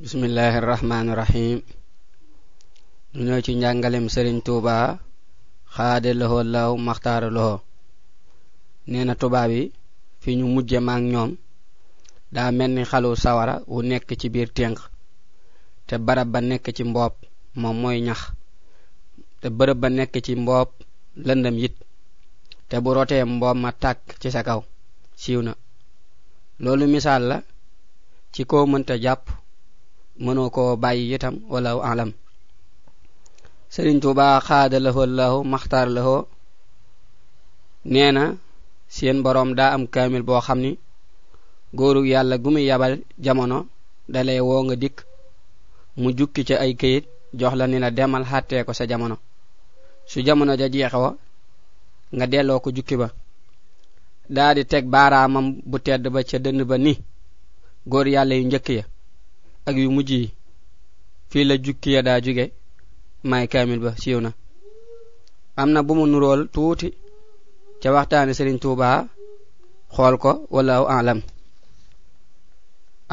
Bismillahirrahmanirrahim. rahmaani rahim ñu ñëw ci njàngalem sëriñ tuuba xaade loxo law maxtaara loxo nee na tubaab fi ñu mujje maag ñoom daa mel xalu sawara wu nekk ci biir ténk te barab ba nekk ci mboob moom mooy ñax te bërëb ba nekk ci mboob lëndëm te bu ma tak ci sa kaw siiw na loolu la ci mënoo koo bàyyi itam wala alam sëriñ tuba xaada lahoo lahu maxtaar lahoo nee na seen borom daa am kaamil boo xam ni góorug yàlla gu muy yabal jamono dalay woo nga dikk mu jukki ca ay këyit jox la ni la demal xàttee ko sa jamono su jamono ja jeexoo nga delloo ko jukki ba daa di teg baaraamam bu tedd ba ca dënn ba ni góor yàlla yu njëkk ya ak yu mujj yi fii la jukki ya daa juge maay kaamil ba siiw na am na bu mu nurool tuuti ca waxtaani sëriñ tuuba xool ko wala aw alam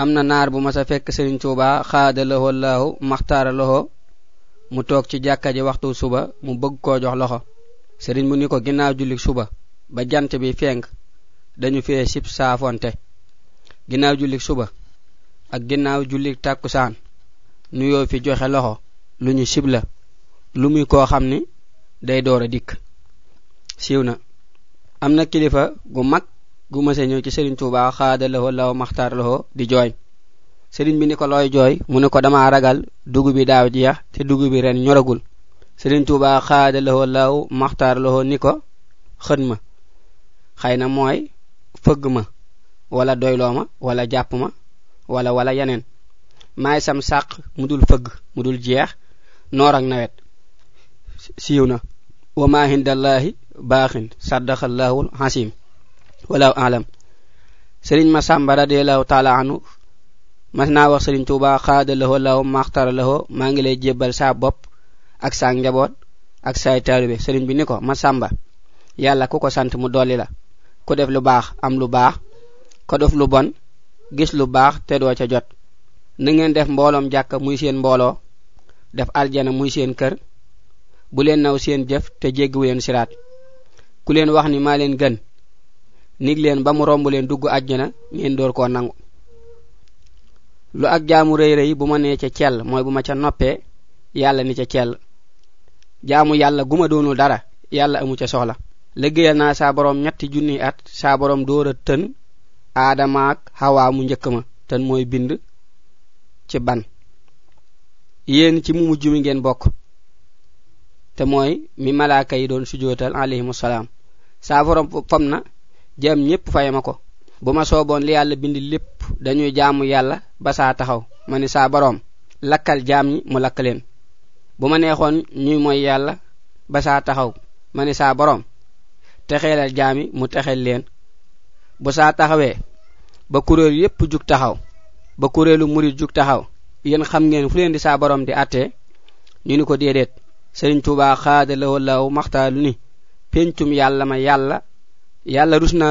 am na naar bu ma sa fekk sëriñ tuuba xaada laho laahu maxtaara laho mu toog ci jàkka ji waxtu suba mu bëgg koo jox loxo sëriñ bu ni ko ginnaaw jullik suba ba jant bi fenk dañu fee sib saafonte ginnaaw jullik suba ak ginnaaw julli tàkkusaan nuyoo fi joxe loxo lu ñu sibla lu muy koo xam ni day door a dikk siiw na am na kilifa gu mag gu mësa ñëw ci sëriñ Tuubaa xaada law maxtaar di jooy sëriñ bi ni ko mu ne ko dama ragal dugub bi daaw jeex te dugub bi ren ñoragul sëriñ law ni ko xën ma xëy na mooy fëgg ma wala doyloo ma wala jàpp ma wala wala yeneen maay sam sàq mu dul fëgg mu dul jeex noor ak nawet siiw na wa ma hindallahi baaxin saddaqallahu hasim wala alam sëriñ ma sàmba radiallahu taala anu mas naa wax sëriñ tuuba xaada lahoo law maxtara lahoo maa ngi lay jebal sa bopp ak sa njabot ak saay taalibe sëriñ bi ni ko ma sàmba yàlla ku ko sant mu dolli la ku def lu baax am lu baax ko def lu bon gis lu baax te doo ca jot na ngeen def mbooloom jàkka muy seen mbooloo def aljana muy seen kër bu leen naw seen jëf te jéggiwu leen siraat ku leen wax ni maa leen gën nig leen ba mu romb leen dugg àjjana ngeen door koo nangu lu ak jaamu rëy rëy bu ma nee ca cell mooy bu ma ca noppee yàlla ni ca cell jaamu yàlla gu ma doonul dara yàlla amu ca soxla liggéeyal naa saa borom ñetti junni at saa borom door a tën aadama ak xawaa mu njëkk ma te mooy bind ci ban yéen ci mu mujj mi ngeen bokk te mooy mi malaaka yi doon sujootal alayhimu salaam saa borom fam na jaam ñépp fayema ko bu ma sooboon li yàlla bind lépp dañuy jaamu yàlla ba saa taxaw ma ni saa boroom lakkal jaam ñi mu lakk leen bu ma neexoon ñuy mooy yàlla ba saa taxaw ma ni saa boroom texeelal jaam yi mu texeel leen bu saa taxawee ba kuréel yépp jug taxaw ba kuréelu murid jug taxaw yéen xam ngeen fu leen di saa borom di atté ñu ni ko déedéet sëriñ tuuba xaada lawo law maxtaalu ni pencum yalla ma yalla yalla rus na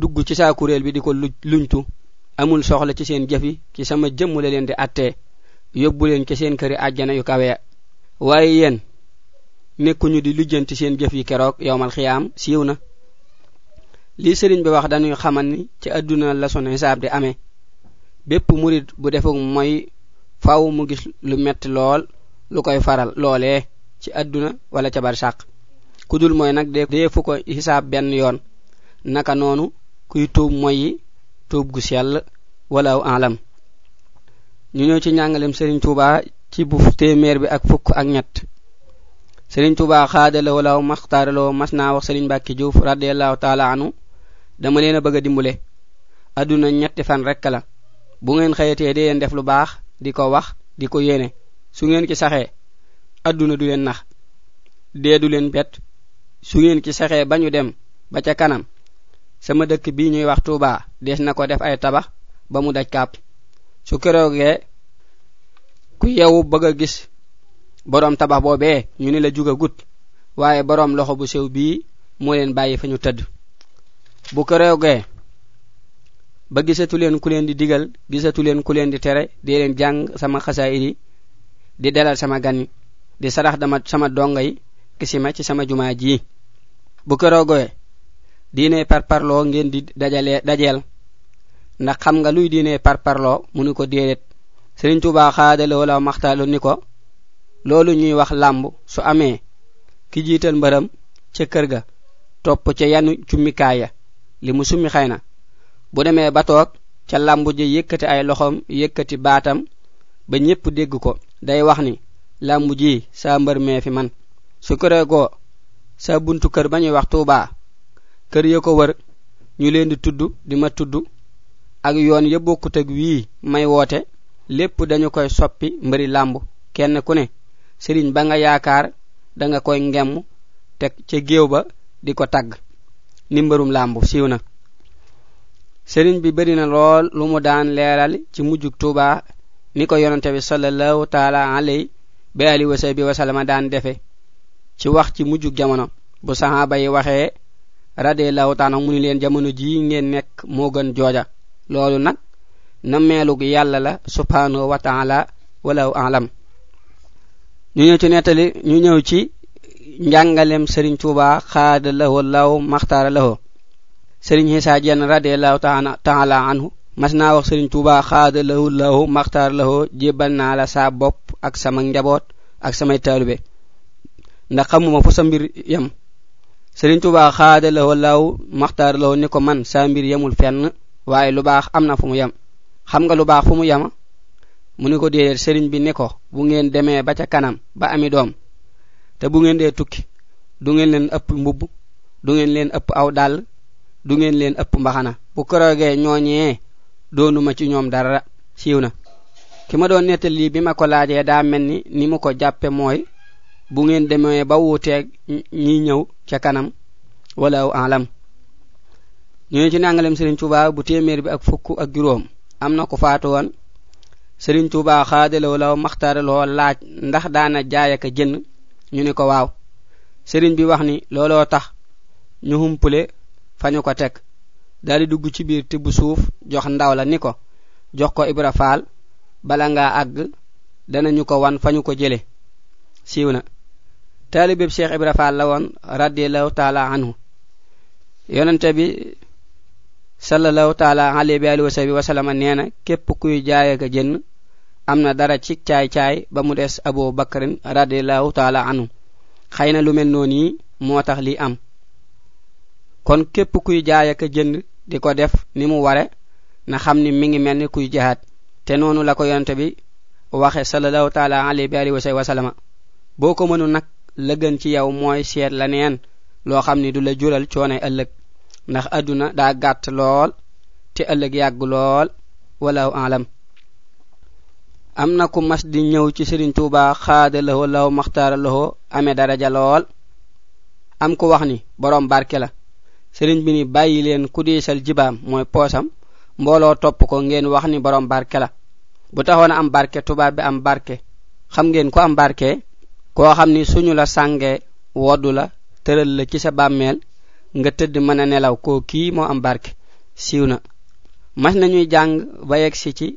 dugg ci sa kuréel bi di ko luñtu amul soxla ci seen jëfi ci sama jëm la leen di atté yobbu leen ci seen kër aljana yu kawe waaye yéen nekkuñu di lujjanti seen jëf yi kérok yowmal xiyaam siiw na li sëriñ bi wax dañuy xamal ni ci àdduna la son hisaab di amee bépp murit bu defuk mooy faaw mu gis lu metti lool lu koy faral loolee ci àdduna wala ca barsàq ku dul mooy nag dee fu ko hisaab benn yoon naka noonu kuy tuub mooy yi tuub gu sell wala aw alam ñu ñëw ci njàngalem sëriñ tuuba ci bu téeméer bi ak fukk ak ñett sëriñ tuuba xaadala wala maxtaaraloo mas naa wax sëriñ bàkki diouf radiallahu taala anu dama leen a bëgg dimbulé aduna ñetti fan rek la bu ngeen xeyete di leen def lu baax di wax di yene su ngeen ci saxé aduna du leen nax de du leen bet su ngeen ci saxé bañu dem ba ca kanam sama dëkk bi ñuy wax Touba des na ko def ay tabax ba mu daj kap su keroogee ku yewu bëgg gis borom tabax bobé ñu ne la juga gut waye borom loxo bu sew bi mo len fañu teud bu ko ge ba gisatu len ku len di digal gisatu len ku len di tere di len jang sama xasaayid ini, di dalal sama gani, di sarax dama sama dongay kisima ci sama jumaa ji bu ko reewgee diine parlo ngeen di dajale dajel na xam nga luy diine parlo munu ko dedet serigne touba khadalo la maxtaalu niko ko ñuy wax lamb su amé ki jital mbaram ci kër ga top ci yanu mikaya li mu summi xëy bu demee ba toog ca làmbu ji yëkkati ay loxom yëkkati baatam ba ñépp dégg ko day wax ni làmbu ji sa mbër mee fi man su këree koo sa buntu kër ba ñuy wax tuubaa kër ya ko wër ñu leen di tudd di ma tudd ak yoon ya bokkut ak wii may woote lépp dañu koy soppi mbëri lambu. kenn ku ne sëriñ ba nga yaakaar da nga koy ngem teg ca géew ba di ko tagg ni mbërum làmb siiw na sëriñ bi bari na lool lu mu daan leeral ci mujjug tuuba ni ko yonante bi sallallahu taala alay bi ali wasa bi wasalama daan defe ci wax ci mujjug jamono bu sahaaba yi waxee radiallahu taala mu ni leen jamono ji ngeen nekk moo gën jooja loolu nag na nammeelug yàlla la subhanahu wa taala walaw alam ñu ñëw ci nettali ñu ñëw ci njàngalem sëriñ tuuba xaada lahu allahu maxtaara lahu sëriñ xisaa jenn radiallahu taala anhu mas naa wax sëriñ tuuba xaada lahu allahu maxtaara lahu jébbal naa la saa bopp ak sama njaboot ak samay taalube ndax xamuma fu sa mbir yam sëriñ tuuba xaada lahu allahu maxtaara lahu ni ko man sa mbir yamul fenn waaye lu baax am na fu mu yam xam nga lu baax fu mu yama mu ni ko déedéet sëriñ bi ni ko bu ngeen demee ba ca kanam ba ami doom te bu ngeen dee tukki du ngeen leen ëpp mbubb du ngeen leen ëpp aw dàll du ngeen leen ëpp mbaxana bu koroogee ñooñee doonuma ci ñoom dara siiw na ki ma doon lii bi ma ko laajee daa mel ni ni mu ko jàppe mooy bu ngeen demee ba wuuteeg ñi ñëw ca kanam wala aw alam ñu ci nangalem Serigne Touba bu téeméer bi ak fukk ak juróom am na ko faatu woon Serigne Touba xaadalaw law maxtaaraloo laaj ndax daana jaay ak jënd ñu ne ko waaw sëriñ bi wax ni looloo tax ñu humpule fañu ko teg di dugg ci biir tibbu suuf jox ndaw la ni ko jox ko ibra faal bala ngaa àgg danañu ko wan fañu ko jële siiw na taalibeb cheikh ibra faal la woon radiallahu taala anhu yonente bi sallallahu taala alayhi wa alihi wa sallama nee na képp kuy jaay ga jenn. am na dara ci caay-caay ba mu des abu bakarin radiallahu taala anhu xëy na lu mel noonu moo tax li am kon képp kuy jaay ak jënd di ko def ni mu ware na xam ni mi ngi mel kuy jihaat te noonu la ko yonte bi waxe salallahu taala alayhi bi alihi wa salama boo ko mënu nak la gën ci yaw mooy seet la neen loo xam ni du la jural coone ëllëg ndax aduna da gàtt lool te ëllëg yàgg lool wala alam am na ku mas di ñëw ci sëriñ tuuba xaada lawo law maxtaara lawo amee daraja lool am ku wax ni borom barke la sëriñ bi ni bàyyi leen ku diisal jibaam mooy poosam mbooloo topp ko ngeen wax ni borom barke la bu taxoon am barke tubaab bi am barke xam ngeen ku am barke koo xam ni suñu la sànge woddu la tëral la ci sa bàmmeel nga tëdd mën a nelaw koo kii moo am barke siiw na mas nañuy jàng ba yegg si ci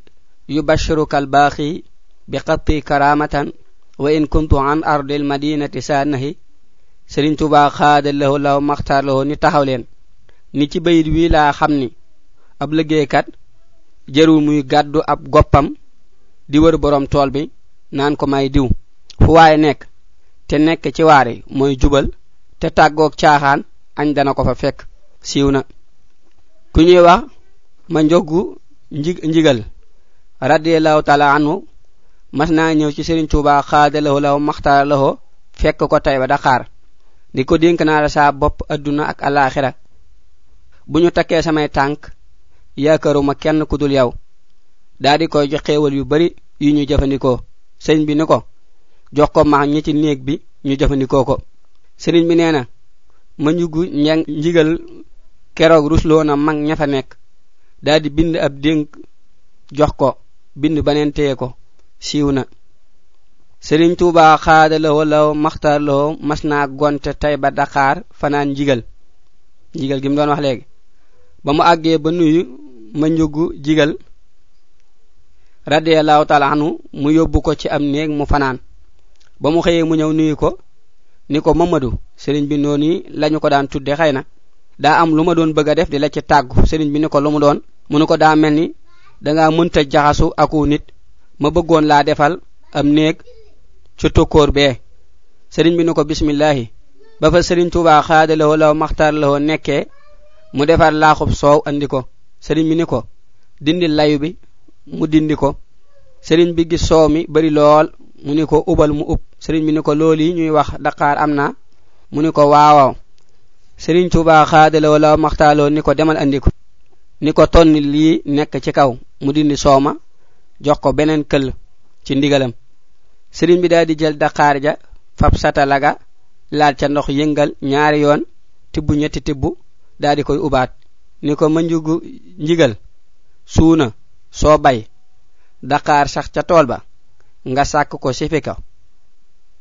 يبشرك الباخي بقطي كرامة وإن كنت عن أرض المدينة سانه سرين توبا خاد له الله مختار له ني تاخاw len ni ci bayit wi la xamni ab liggéeykat jërul muy gàddu ab goppam di borom tool bi naan ko may diw fu nekk te nekk ci waare mooy jubal te tàggoog dana ko fa fekk na ku ñuy wax ma njogu njigal radiyallahu taala anhu mas naa ñëw ci serigne touba khadalahu law makhtar laho fekk ko tey ba xaar di ko dénk na la sa bopp aduna ak alakhirah bu takke takkee samay tank yaakaruma kenn ku dul yaw daa di koy jox xéewal yu bari yu ñu jëfandikoo serigne bi niko ko jox ko ma ñi ci neeg bi ñu jëfandikoo ko serigne bi neena na ma njugu ñigal njigal keroog rusloo na mag ñafa nek da di bind ab denk jox ko bind baneen téye ko siiw na sëriñ tuuba xaada lawo law maxtaar lawo mas naa gonte tey ba daqaar fanaan njigal njigal gi mu doon wax léegi ba mu àggee ba nuyu ma njugg jigal radiallahu taala anu mu yóbbu ko ci am néeg mu fanaan ba mu xëyee mu ñëw nuyu ko ni ko mamadu sëriñ bi noonu lañu ko daan tudde xëy na daa am lu ma doon bëgg a def di la ci tàggu sëriñ bi ni ko lu mu doon mu nu ko daa mel ni danga munta jaxasu aku nit ma bëggoon laa defal am neeg ci tokkoor bee sëriñ bi ne ko bismillahi ba fa sëriñ tuuba xaadalawoo law maxtaar lawoo nekkee mu defar laaxub soow andi ko sëriñ bi ni ko dindi layu bi mu dindi ko sëriñ bi gis soow mi bari lool mu ni ko ubal mu ub sëriñ bi ni ko loolu yi ñuy wax daqaar am na mu ni ko waawaaw sëriñ tuuba xaadalawoo law maxtaaloo ni ko demal andi ko ni ko tonni lii nekk ci kaw mu dindi sooma jox ko beneen ci ndigalam sëriñ bi di jël daqaar ja fab satalaga laal ca ndox yëngal ñaari yoon tibbu ñetti tibbu nyari di koy ubaat ni ko ma njugu njigal suuna soo bay daqaar sax ca tool ba nga sàkk ko sifika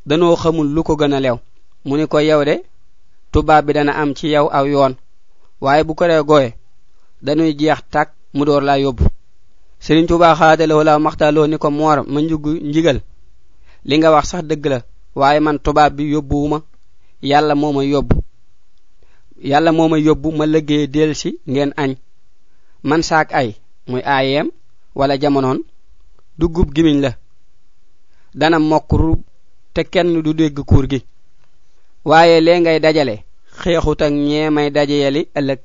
danoo xamul lu ko gën a lew mu ni ko yow de tubaab bi dana am ci yow aw yoon waaye bu ko ree gooye danuy jeex tàkk mu door laa yóbbu sëriñ Tuubaa xaadalewoo la maxtaaloo ni ko moor ma njugg njigal li nga wax sax dëgg la waaye man tubaab bi yóbbuwuma yàlla moo ma yóbbu yàlla moo ma yóbbu ma liggéey del si ngeen añ man saak ay muy aayeem wala jamonoon duggub gimiñ la dana mokkru te kenn du dégg kuur gi waaye lee ngay dajale xeexut ak ñee may dajeyali ëllëg